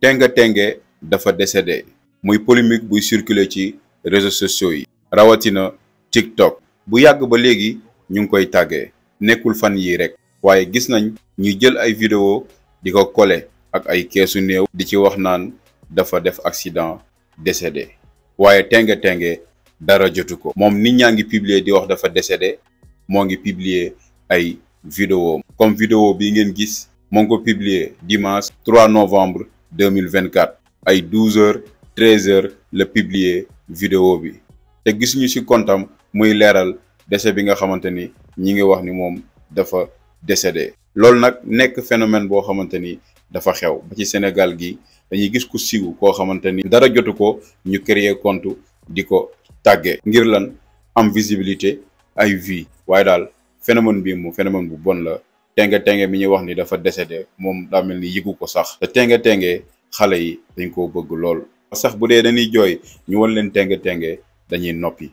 Tengue Tengue dafa décédé muy polémique buy circuler ci réseaux sociaux yi rawatina TikTok bu yàgg ba léegi ñu ngi koy tàggee nekkul fan yi rek waaye gis nañ ñu jël ay vidéo di ko kole ak ay keesu néew di ci wax naan dafa def accident décédé waaye Tengue tenge dara jotu ko moom nit ñaa ngi publier di wax dafa décédé moo ngi publier ay vidéo comme vidéo bi ngeen gis moo ngi ko publier dimanche 3 novembre 2024 ay 12 heures 13 heures la publier video bi te gisuñu ci kontam muy leeral décès bi nga xamante ni ñi ngi wax ni moom dafa décédé loolu nag nekk phénomène boo xamante ni dafa xew ba ci Sénégal gi dañuy gis ku siiw koo xamante ni dara jotu ko ñu créer compte di ko tàggee ngir lan am visibilité ay vie waaye daal phénomène bii mu phénomène bu bon la tenge tenge mi ñuy wax ni dafa décédé moom daa mel ni yëgu ko sax te tenge tenge xale yi dañ ko bëgg lool sax bu dee dañuy jooy ñu wan leen tenge tenge dañuy noppi